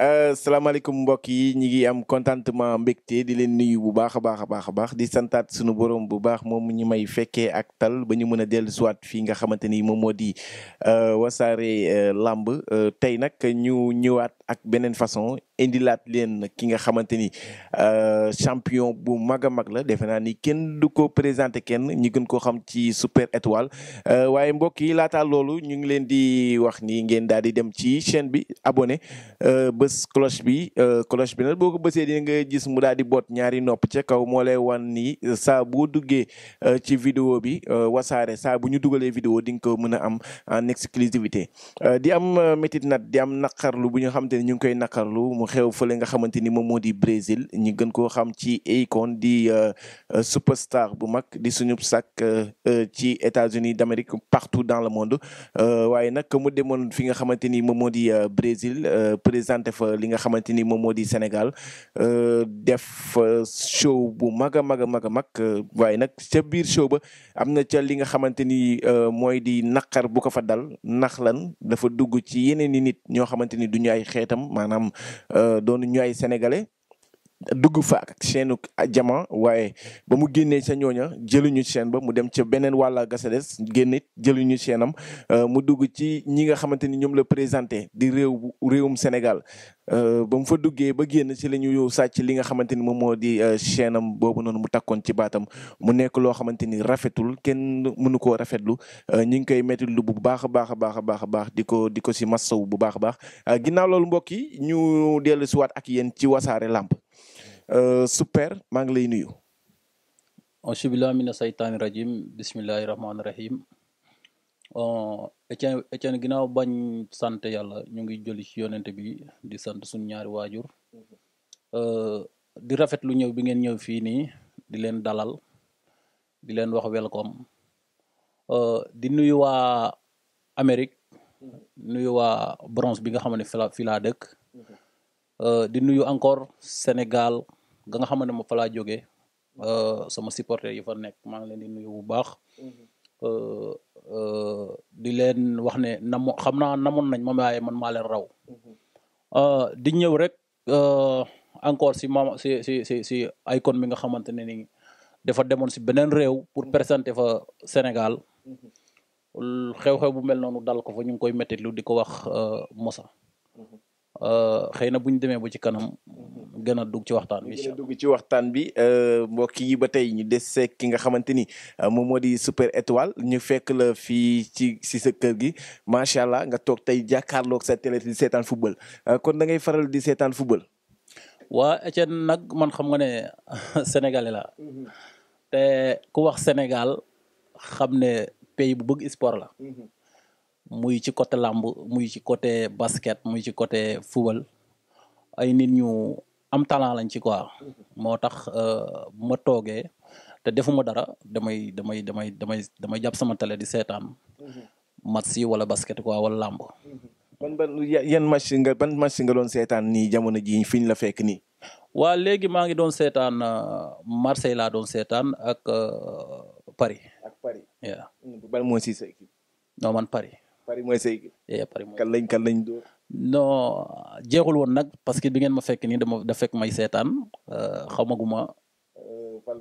Euh, salaamaaleykum mbokk yi ñi ngi am contentement mbégte di leen nuyu bu baax a baax a baax a baax di santaat sunu borom bu baax moom ñu may fekkee ak tal ba ñu mën a dellu siwaat fii nga xamante ni moom moo di euh, wasaare euh, làmb tey nag ñu ñëwaat ak beneen façon indilaat leen ki nga xamante ni euh, champion bu mag a mag la defe naa ni kenn du ko présenté kenn ñu gën koo xam ci super étoile euh, waaye mbokk yi laata loolu ñu ngi leen di wax ni ngeen daal di dem ci chaîne bi abonné euh, bës cloche bi cloche bi nag boo ko bësee di nga gis mu daal di boot ñaari nopp ca kaw moo wan ni saa boo duggee ci vidéo bi wasaare saa bu ñu dugalee vidéo di nga ko mën a am en exclusivité di am métit nat di am naqarlu bu ñu xam ne ñu ngi koy naqarlu xew fële nga xamante ni moom moo di Brésil ñi gën koo xam ci Akon di euh, superstar bu mag di suñu sac euh, euh, ci États-Unis d'Amérique partout dans le monde waaye nag mu demoon fi nga xamante ni moom moo di Brésil présenté fa li nga xamante ni moom moo di Sénégal def show bu mag a mag mag mag waaye nag ca biir show ba am na ca li nga xamante ni mooy di naqar bu ko fa dal nax lan dafa dugg ci yeneen i nit ñoo xamante ni du ñu ay xeetam maanaam Euh, doon ñu ay sénégalais dugg fa ak seenu jama waaye ba mu génnee sa ñooña jëluñu seen ba mu dem ca beneen wàlla gasades génnit jëluñu seenam euh, mu dugg ci ñi nga xamante ni ñoom la présenté di réew réewum Sénégal euh, ba mu fa duggee ba génn ci la ñu yow sàcc li nga xamante ni moom moo di euh, seenam boobu noonu mu takkoon ci baatam mu nekk loo xamante ni rafetul kenn mënu koo rafetlu ñi ngi koy métti lu bu baax a baax a baax a baax a baax di ko di ko si massaw bu baax a baax ginnaaw loolu mbokk yi ñu dellu siwaat ak yéen ci wasaare làmb Euh, super maa ngi lay nuyu. auzubillahi mina saytaani rajim bismillahi rahmaani rahim oh, Etienne Etienne ginnaaw bañ sant yàlla ñu ngi jëli ci yonent bi di sant suñu ñaari waajur euh, di rafet lu ñëw bi ngeen ñëw fii nii di leen dalal di leen wax welcome euh, di nuyu waa Amérique nuyu waa Bronx bi nga xam ne fi laa dëkk di nuyu encore Sénégal ga nga xamante ne fa laa jógee euh, sama supporter yi fa nekk maa ngi leen di nuyu bu baax. Mm-hmm. Euh, euh, di leen wax ne nam xam naa namoon nañ ma waaye man maa leen raw. Mm-hmm. di ñëw rek encore si ma si si mi nga xamante ne nii dafa demoon si beneen réew pour mm-hmm. présenter fa Sénégal. xew-xew bu mel noonu dal ko fa ñu ngi koy métti lu di ko wax Moussa. Euh, xëy na bu ñu demee ba ci kanam gën a dugg ci waxtaan bi gën a dugg ci waxtaan bi euh, mbokk yi ba tey ñu des seeg ki nga xamante ni euh, moom moo di super étoile ñu fekk la fii ci si sa kër gi macha allah nga toog tey jàkkaarloog sa télé di seetaan football kon da ngay faral di seetaan football. waa Etienne nag man xam nga ne sénégalais la mhm. te ku wax senegal xam ne pays bu bëgg sport la. Mhm. muy ci côté làmb muy ci côté basket muy ci côté football ay nit ñu am talent lañ ci quoi moo tax bu euh, ma toogee te defuma dara damay damay damay damay damay jàpp sama télé di seetaan match yi wala basket quoi wala làmb. ban ban yan match nga ban match nga doon seetaan nii jamono jii fi ñu la fekk nii. waa léegi maa ngi doon seetaan euh, Marseille laa doon seetaan ak euh, Paris. ak Paris. waaw. Paris. Paris mooy say eh, Paris mooy kan lañ kan lañ dóor non jeexul woon nag parce que bi ngeen ma fekk nii dama da fekk may seetaan euh, xamaguma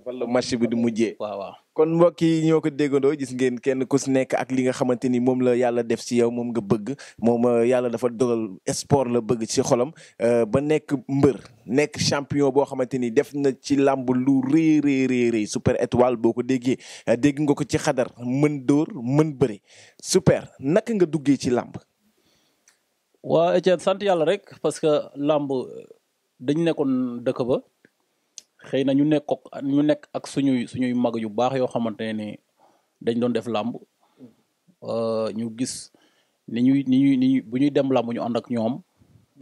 fan la match bi di mujjee. waaw waaw kon mbokk yi ñoo ko déggandoo gis ngeen kenn ku si nekk ak li nga xamante ni moom la yàlla def si yow moom nga bëgg moom euh, yàlla dafa dogal sport la bëgg si xolam euh, ba nekk mbër nekk champion boo xamante ni def na ci làmb lu rëy rëy rëy super étoile boo ko déggee euh, dégg nga ko ci xadar mën dóor mën bëri super naka nga duggee ci làmb. waa Etienne sant yàlla rek parce que làmb dañ nekkoon dëkk ba. xëy na ñu nekk ñu nekk ak suñuy suñuy mag yu baax yoo xamante ne dañ doon def làmb euh, ñu gis ni ñuy ni ñuy bu ñuy dem làmb ñu ànd ak ñoom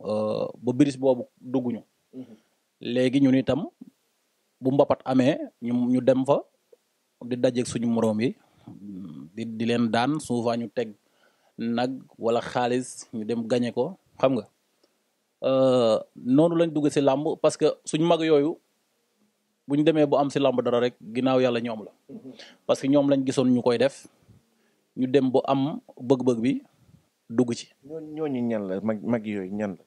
euh, ba biris boobu dugg ñu. Mm-hmm. léegi ñun itam bu mbapat amee ñu dem fa di dajeeg suñu moroom yi di di leen daan souvent ñu teg nag wala xaalis ñu dem gañe ko xam nga euh, noonu lañ dugg si làmb parce que suñu mag yooyu. bu ñu demee bu am si lamb dara rek ginnaaw yàlla ñoom la parce que ñoom lañ gisoon ñu koy def ñu dem bu am bëgg-bëgg bi dugg ci. ñooñu ñan mag mag yooyu ñan la.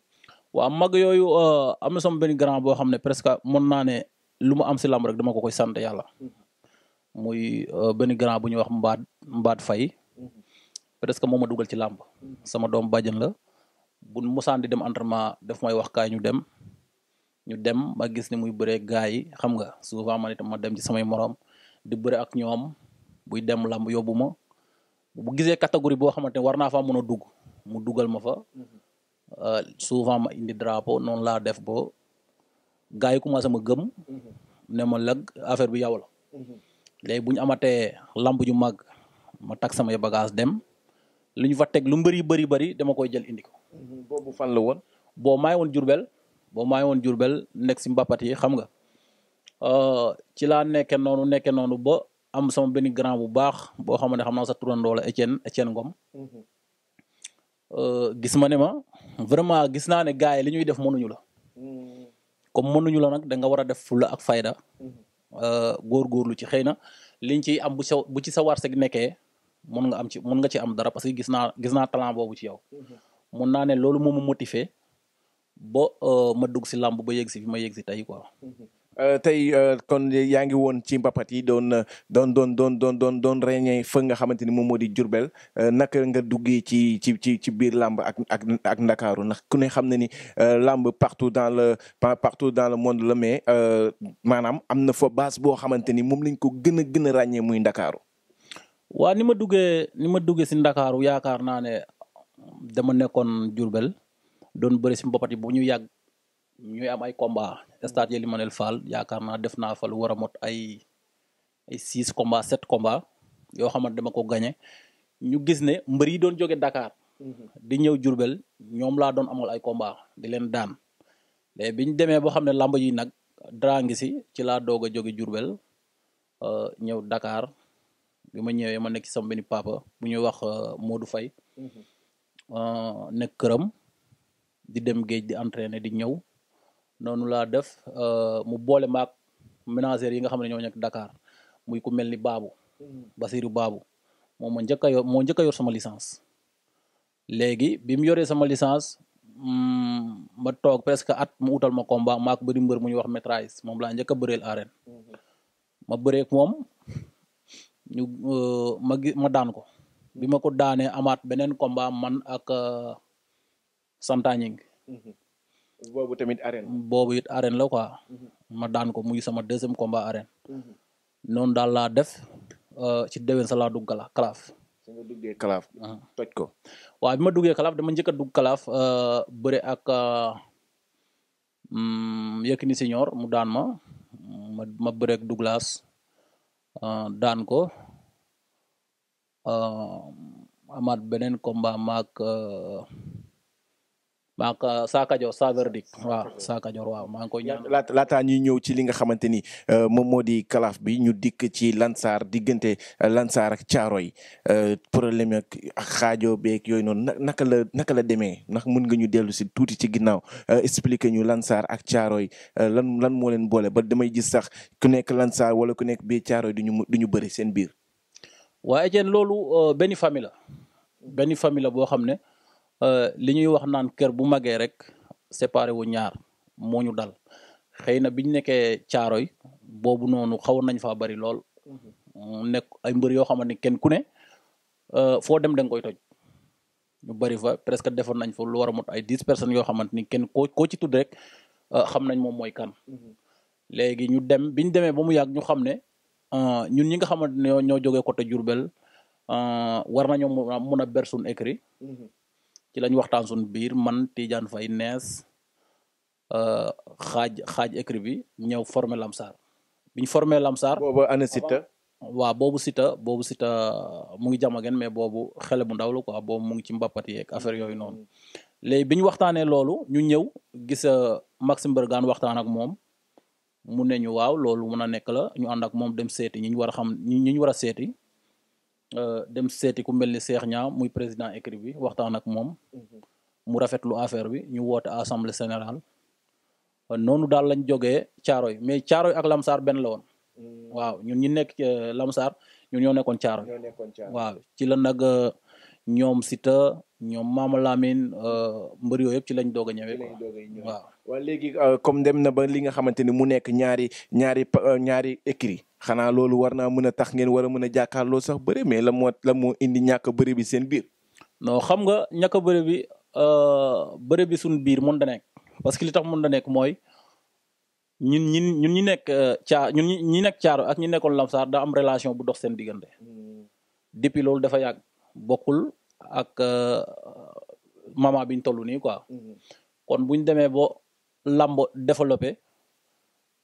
waaw mag yooyu euh, am na sama benn grand boo xam ne presque mën naa ne lu mu am si lamb rek dama ko koy sant yàlla. muy euh, benn grand bu ñuy wax Mbaat Mbaat Faye presque moom ma dugal ci làmb sama doom bàjjen la bu musaan di dem entraînement daf may wax kaa ñu dem ñu dem ba gis ni muy bëree gaa yi xam nga souvent man itam ma dem ci samay moroom di bëre ak ñoom buy dem lamb yóbbu ma bu gisee catégorie boo xamante ne war naa faa mën a dugg mu dugal ma fa euh, souvent ma indi drapo noonu laa def bo gaa yi commencé ma gëm ne ma lag affaire bi yow la léegi bu ñu amatee lamb ju mag ma takk samay bagage dem li ñu fa teg lu bari bëri bari dama koy jël indi ko. Mhm. boobu fan la woon. boo maay woon Jurbel boo maa ngi woon Jurbel nekk si mbappat xam nga euh, ci laa nekke noonu nekke noonu ba am sama benn grand bu baax boo xam ne xam naa sa turandoo la Etienne Etienne Ngom mhm. euh, gis ma ne ma vraiment gis naa ne gars yi li ñuy def mënuñu la mhm. comme mënuñu la nag da nga war a def fulla ak fayda mhm. euh, góorgóorlu ci xëy na liñ ciy am bu sa bu ci sa warseg nekkee mun nga am ci mon nga ci am dara parce que gis naa gis naa talent boobu ci yow mun naa ne loolu moo ma ba euh, ma dugg si làmb ba yegg si fi ma yegg si tey quoi. Euh, tey euh, kon yaa ngi woon ci mbapat yi doon doon doon doon doon doon doon ràññee fa nga xamante ni moom moo di Jurbel naka nga duggee ci ci ci ci biir làmb ak ak ak Ndakaaru ndax ku ne xam na ni làmb partout dans le partout dans le monde la mais maanaam am na fa base boo xamante ni moom lañ ko gën a gën ràññee muy Ndakaaru. waa ni ma duggee ni ma duggee si Ndakaaru yaakaar naa ne dama nekkoon Jurbel doon bëri si mbapat yi bu ñu yàgg ñuy am ay combat stade Ely Manel Fall yaakaar naa def naa fa lu war a mot ay ay six combat sept combat yoo xamante dama ko gagné ñu gis ne mbër yi doon joge dakaar di ñëw Jurbel ñoom laa doon amal ay combat di leen daan léegi bi ñu demee boo xam ne làmb yi nag dara ngi si ci laa doog a jóge Jurbel euh, ñëw dakaar bi ma ñëwee ma nekk ci sama benn papa bu ñuy wax euh, Modou Faye mhm. euh, nekk këram. di dem géej di entraîner di ñëw noonu laa def euh, mu boole maag ménagères yi nga xam ne ñoo nekk Dakar muy ku mel ni Babou Basirou Babou moom moo njëkk a yor moo njëkk a yor sama licence léegi bi mu yoree sama licence mm, ma toog presque at mu utal ma combat maak bëri mbër mu ñuy wax maîtrise moom laa njëkk a bëreel ma bëreek moom euh, ma daan ko bi ma ko daanee amaat beneen combat man ak euh, samtaañing mm-hmm. boobu tamit arène. la quoi. Mm-hmm. ma daan ko muy sama deuxième combat arène. Mm-hmm. noonu daal laa def euh, ci déwén sa laa dugg kala kalaaf. Uh-huh. toj ko waaw ma duggee kalaaf dama njëkk a dugg kalaaf euh, bëre ak euh, mm, Yékini Senior mu daan ma ma bëre ak daan ko amaat beneen combat maak. maa ko Sakajor Saverdik waaw Sakajor waaw maa ngi koy ñaan laataa ñuy ñëw ci li nga xamante ni euh, moom moo di kalaaf bi ñu dikk ci Lansar diggante euh, Lansar ak Caaroy euh, problème ak xaajoo beeg yooyu noonu naka la naka la demee ndax mun nga ñu dellu si tuuti ci ginnaaw expliquer ñu Lansar ak Caaroy lan lan moo leen boole ba damay gis sax ku nekk Lansar wala ku nekk bii Caaroy du ñu bëri seen biir. waaye Etienne loolu benn famille la benn boo xam ne. Euh, li ñuy wax naan kër bu magee rek séparé wu ñaar moo ñu dal xëy na biñ nekkee caaroy boobu noonu xawoon nañ faa bari lool nekk ay mbër yoo xamante ni kenn ku ne euh, foo dem da koy toj ñu bari fa presque defoon nañ fa lu war mot ay dix personnes yoo xamante ni kenn koo koo ci tudd rek euh, xam nañ moom mooy kan. Mhm. léegi ñu dem biñ demee ba mu yàgg ñu xam ne ñun ñi nga xamante ne ñoo jógee côté Diourbel war nañoo mun mun a ber suñu écrit mhm. ci lañ waxtaan suñu biir man Tidiane Faye nees euh, xaaj xaaj écrit bi ñëw formé Lamsar biñ formé Lamsar. boobu ana Sita. waaw boobu Sita boobu Sita mu ngi jamagen mais boobu xele bu ndaw la quoi boobu mu ngi ci mbappat yeeg affaire yooyu noonu. léegi bi ñu waxtaanee loolu ñu ñëw gis euh, Maxime Bergan waxtaan ak moom mu ne ñu waaw loolu mun a nekk la ñu ànd ak moom dem seeti ñi ñu war a xam ñi ñu war a seeti. Euh, dem seeti ku mel ni Cheikh Niang muy président écrit bi waxtaan ak moom mu rafetlu affaire bi ñu woote assemblée générale euh, noonu daal lañ jógee Caaroy mais Caaroy ak Lamsaar benn la woon mm. waaw ñun ñi nekk euh, Lamsaar ñun ñoo nekkoon Caaroy waaw ci la nag ñoom Sita ñoom Mama Lamine mbër yooyu yëpp ci lañ doog a waaw waaye léegi euh, comme dem na ba li nga xamante ni mu nekk ñaari ñaari euh, ñaari écrit xanaa loolu war naa mën a tax ngeen war a mën a jàkkaarloo sax bëri mais la moo la moo indi ñàkk a bëri bi seen biir. non xam nga ñàkk a bëri bi euh, bëri bi suñu biir mën da nekk parce que li tax mën da nekk mooy ñun ñun ñun ñi nekk caa ñun ñi nekk caaro ak ñi nekkoon lamsaar daa am relation bu dox seen diggante. Hmm. depuis loolu dafa yàgg bokkul ak maman biñ toll nii quoi. Hmm. kon buñ demee bo làmb développé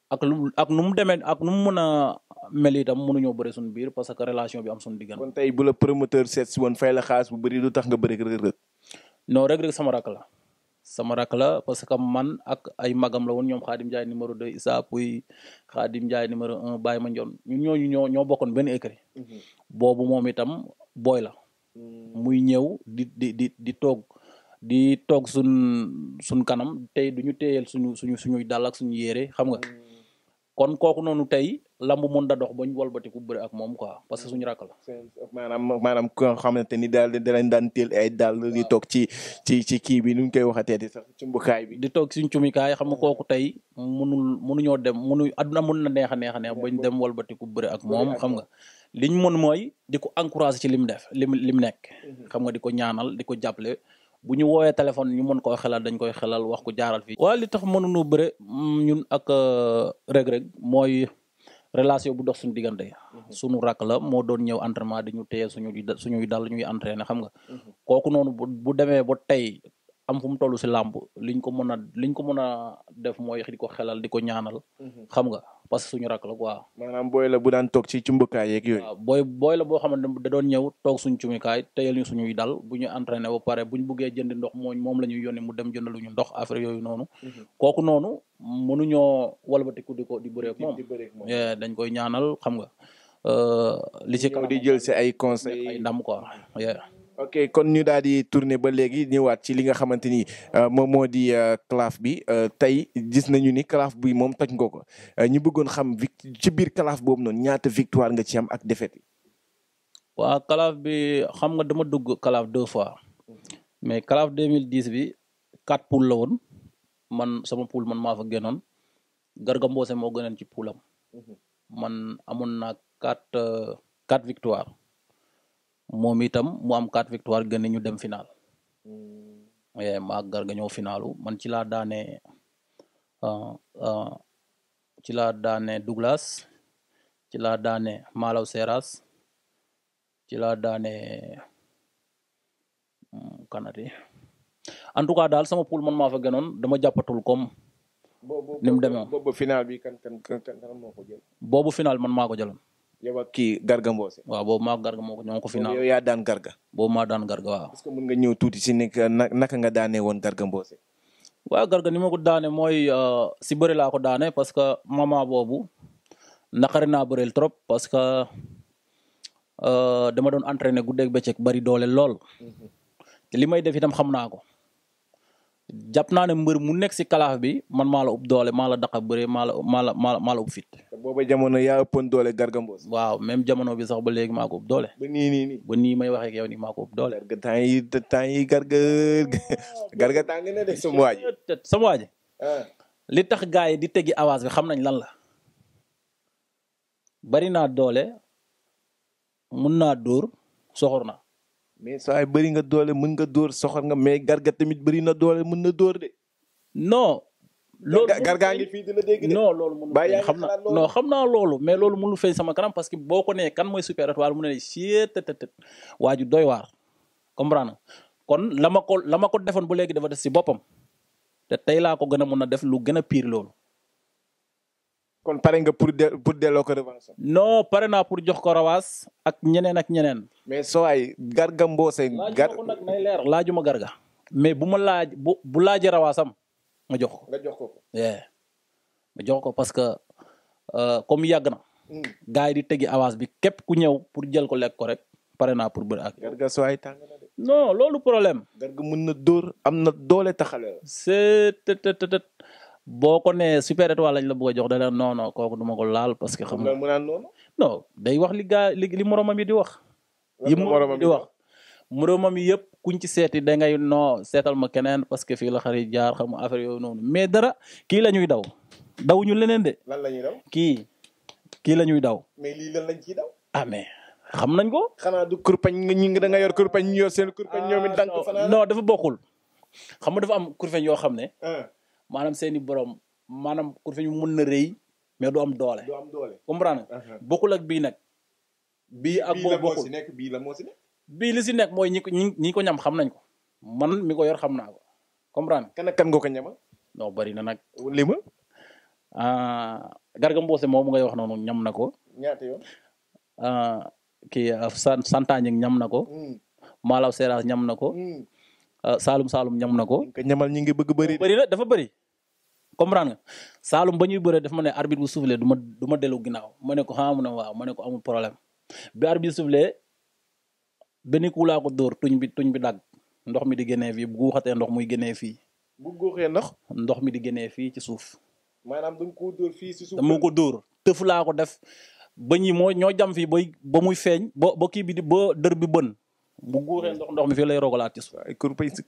ak lu ak nu mu demee ak nu mu mën a mel itam mënuñoo bëri suñu biir parce que relation bi am suñu diggante. kon tey bu la promoteur seet si woon fay la xaalis bu bëri lu tax nga bëri Reug Reug. non Reug Reug sama rak la sama rak la parce que man ak ay magam la woon ñoom Khadim Ndiaye numéro 2 Issa Pouye Khadim Ndiaye numéro 1 Baye Mandione ñun ñooñu ñoo ñoo bokkoon benn écrit. Mhm. boobu moom itam booy la. Mm. muy ñëw di di di di toog. di toog suñ suñ kanam tey du ñu téyeel suñu suñu suñuy dàll ak suñu yére xam nga kon kooku noonu tey lamb mën da dox bañ walbatiku bëri ak moom quoi parce que suñu rakk la. maanaam maanaam ku nga ni daal da leen daan téel ay dàll di toog ci ci ci kii bi nu ñu koy waxatee sax cumbukaay bi. di toog suñ cumbukaay xam nga kooku tey mënul mënuñoo dem mënu adduna mën na neex a neex a neex bañ dem walbatiku bëri ak moom xam nga. liñ mën mooy di ko encouragé ci lim def lim lim nekk. Mhm. xam nga di ko ñaanal di ko jàppale. bu ñu woowee téléphone ñu mën koo xelal dañ koy xelal wax ko jaaral fii. waaye li tax mënuñu bëre mm, ñun ak euh, Reug Reug mooy relation bu dox suñu diggante. Mhm. suñu rak la moo doon ñëw entraînement di ñu téye suñuy suñu dal ñuy entraîné xam nga. Mhm. kooku noonu bu demee bo tey am fu mu toll si làmb liñ ko mën a liñ ko mën a def mooy di ko xelal di ko ñaanal. Mhm. xam nga parce que suñu rakk la quoi. maanaam booy la bu daan toog ci cumbukaay yeeg yooyu. waaw booy booy la boo xamante ne da doon ñëw toog suñ cumbukaay teyal ñu suñuy dal bu ñu entraîné ba pare bu ñu buggee jënd ndox mooñ mom la ñuy yónnee mu dem jëndalu ñu ndox affaire yooyu noonu. Mhm. kooku noonu mënuñoo walbatiku di ko di bëree moom. di bëree dañ koy ñaanal xam nga. Uh, li ci kaw di jël si ay conseils ay ndam quoi. ok kon ñu daal di tourner ba léegi ñëwaat ci li nga xamante ni euh, moom moo di euh, calaf bi euh, tey gis nañu ni calaf bi moom toj nga ko ñu bëggoon xam ci biir calaf boobu noon ñaata victoire nga ci am ak défaite. waaw calaf bi xam nga dama dugg calaf deux fois mais calaf 2010 bi quatre poules la woon man sama poule man maa fa génnoon Garga Mbossé moo gënoon ci poulam mhm. man amoon naa quatre victoire. moom itam mu am quatre victoire gën dem final. Hmm. Eh, maa Garga ñëw finalu man ci laa daane ah, ah, ci laa daane Douglas ci laa daane Malaw Seras ci la daane hmm, kanati en tout cas daal sama poule man maa fa gënoon dama jàppatul comme. ni mu demee final bi kan final man maa ko yow ak kii Garga Mbossé. waaw boobu maa Garga moo ko ñoo ko final. yow yaa daan Garga. boobu maa daan Garga waaw. est nga ñëw tuuti si nekk naka nga daanee woon Garga Mbossé. waaw Garga daane mooy euh, si bëri laa ko daane parce que moment boobu naqari naa bëreel trop parce que euh, dama doon entraîné guddeeg bëccëg bari doole lool mm-hmm. te li may def itam xam naa ko. jàpp naa ne mbër mu nekk si kalaaf bi man maa la ëpp doole maa la daq a bëre maa la maa la maa la maa fit. te booba jamono yaa ëppoon doole Garga Mbossé. waaw même jamono bi sax ba léegi maa ko doole. ba nii nii nii ba ni may waxee ak yow nii maa ko ëpp doole. temps yi temps yi Garga Garga tàng na waa ji. Ah. li tax gars yi di tegi avance bi xam nañ lan la bari naa doole mun naa dóor soxor na mais saa yi bëri nga doole mën nga dóor soxor nga mais garga tamit bëri na doole mën na dóor de. non. loolu garga ngi fii dina dégg de. non loolu mënu feeñ xam na non xam naa loolu mais loolu mënu feeñ sama kanam parce que boo ko ne kan mooy super étoile mu ne nii siet tët waa ju doy waar comprendre kon la ma ko la ma ko defoon ba léegi dafa def si boppam te tey laa ko gën a mun a def lu gën a pire loolu. kon pare nga pour de pour delloo ko revanche. non pare naa pour jox ko rawaas ak ñeneen ak ñeneen. mais soo garga mboose. gar laajuma ko nag nay leer garga. mais bu ma laaj bu bu laajee rawaasam ma jox ko. nga jox ko. ma jox ko parce que euh, comme yàgg na. Hmm. gars di tegi avance bi képp ku ñëw pour jël ko lekk ko rek pare na pour bëri ak. garga loolu problème. garga mën na dóor am doole taxale la. boo ko nee super étoile lañ la bëgg a jox da leen non non kooku du ma ko laal parce que. xam nga mu naan noonu. non day wax li gaa li li moromam yi di wax. yi moromam di wax. moromam yi yëpp kuñ ci seeti da ngay non seetal ma keneen parce que fii la xarit jaar xam nga affaire yooyu noonu mais dara kii la ñuy daw daw ñu leneen de. lan la ñuy daw kii kii la ñuy daw. mais lii lan lañ ciy daw. ah mais xam nañ ko. xanaa du kurpañ ñi da nga yor kurpañ ñu yor seen kurpañ ñoom it ah, dànk. non dafa bokkul xam nga dafa am kurpañ yoo xam ne. maanaam seeni borom maanaam ku fi ñu na rëy mais du doole. du am doole comprendre uh-huh. bokkul ak bii nag. bii ak boo bokkul bii la moo si nekk si nekk mooy ñi ñi ko ñam xam nañ ko man mi ko yor xam naa ko comprendre kan kan nga ko ñama non bari na nag. li ma. Ah, Garga Mbossé moom ngay wax noonu ñam na ko. ñaata yoon. Ah, ah, ñam na ko. Hmm. Malaw Seras ñam na ko. Hmm. Euh, Saalum Saalum ñam na ko. ñamal ñi ngi bëgg bëri. bëri na dafa bari comprendre nga Saalum ba ñuy bëree dafa ma ne arbitre bu soufflé du duma du ma ginnaaw ma ne ko ah na ne waaw ma ne ko amul problème bi arbitre soufflé benn ku laa ko dóor tuñ bi tuñ bi dagg ndox mi di génnee fii bu guuxatee ndox muy génnee fii. bu guuxee ndox. mi di génnee fii ci suuf. maanaam da ko dóor fii laa ko def bañ yi moo ñoo jam fi ba ba muy feeñ ba ba kii bi di ba dër bi bën bu guuxee ndox ndox mi fii lay rogalaat ci suuf. ay kurpeñ si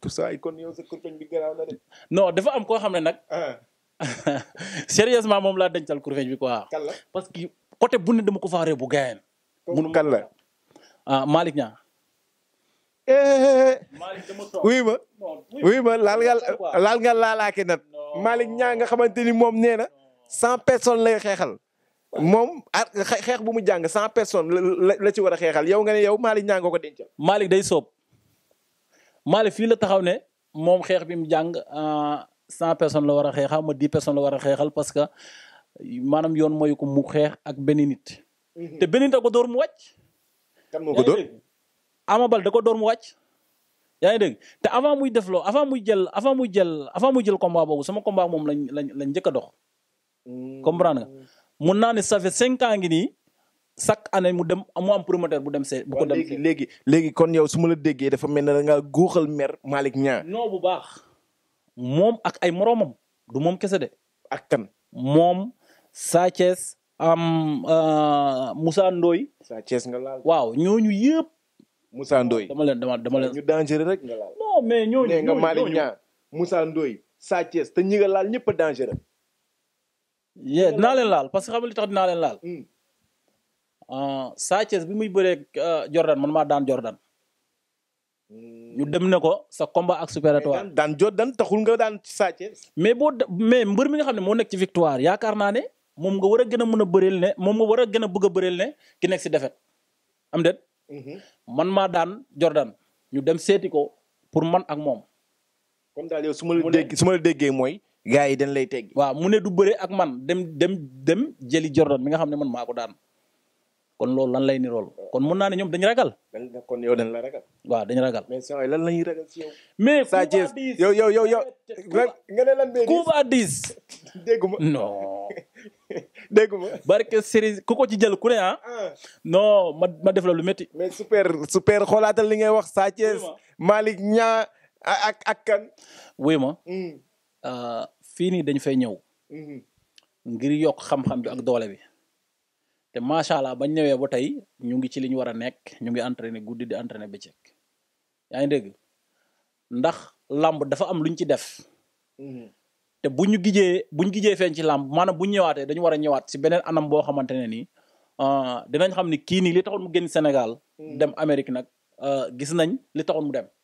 dafa am koo xam ne nag. Ah. sérieusement moom laa dencal kurpeñ bi quoi. kan la parce que côté bu ne dama ko faa ree bu gaayeen. munu kan la ah Malick laal nga laal nga laalaake nat. Malick Niang nga xamante ni moom nee na. cent personne lay xeexal. moom ah, xeex bu mu jàng cent personne la ci war a xeexal yow nga ne yow Malick ñaa nga ko dencal. Malick day soob Malick fii la taxaw ne moom xeex bi mu jàng ah, cent personne la war a xeexal ma dix personnes war a xeexal parce que maanaam yoon mooy ko mu xeex ak benn nit. Mhm. te benn a da door mu wàcc. kan moo ko da ko door mu wàcc. yaa ngi dégg te avant muy def loo avant muy jël avant muy jël avant muy jël combat boobu sama combat moom lañ lañ lañ njëkk a mm. nga. mun naa ne ça fait cinq ans ngi nii chaque année mu dem mu am promoteur bu dem see. bu ko dem see léegi léegi kon yow su ma la déggee dafa mel ne da ngaa góoxal mer Malick Niang. non bu baax moom ak ay moroomam du moom kese de. ak kan moom Sa Thiès am euh, Moussa Ndoye. Sa Thiès nga laal waaw ñooñu yëpp. Moussa Ndoye dama leen dama dama leen. ñu dangereux rek laal. non mais ñooñu ñooñu nga Malick Niang Moussa Ndoye Sa Thiès laal ñëpp a dangereux. yee dinaa leen laal parce que xam nga li tax dinaa leen laal. Hmm. Ah, sa bi muy bëree ah, Jordan man maa daan Jordan. Hmm. ñu dem ne ko sa combat ak Super Étoile. daan Jordan taxul nga daan Sa Thiès. mais boo mais mbër mi nga xam ne moo nekk ci victoire yaakaar naa ne moom nga war a gën a mën a bëreel ne moom nga war a gën a bëgg a bëreel ne ki nekk si defet am déet. Hmm. man maa daan Jordan ñu dem seeti ko pour man ak moom. comme daal yow su ma la déggee su ma déggee mooy. gars yi dañ lay teggi waaw mu du bëre ak man dem dem dem jëli Jordan mi nga xam ne man maa ko daan kon loolu lan lay nirool kon mën naa ne ñoom dañu ragal. kon yow dañ la ragal. waaw dañu ragal. mais saa lan la ñuy ragal ci Sa Thiès yow yow yow yow. nga ne lan bee dix Kouba dix. déggu déggu ma. barke Serigne ku ko ci jël ku a ah. ah. no ma ma def la lu métti. mais super super xoolaatal li ngay wax Sa Thiès. Malick Niang ak ak kan. ma. Hmm. Euh, fii nii dañ fay ñëw. Mhm. ngir yokk xam-xam bi ak doole bi. te macha allah bañ ñëwee ba tey ñu ngi ci li ñu war a nekk ñu ngi entraîné guddi di entraîné bëccëg yaa ngi dégg ndax làmb dafa am luñ ci def. Mhm. te bu ñu gijee bu ñu gijee feeñ ci làmb maanaam bu ñu ñëwaatee dañu war a ñëwaat si beneen anam boo xamante ne nii ah, danañ xam ni kii nii li taxoon mu génn Sénégal. Mhm. dem Amérique nag ah, gis nañ li taxoon mu dem.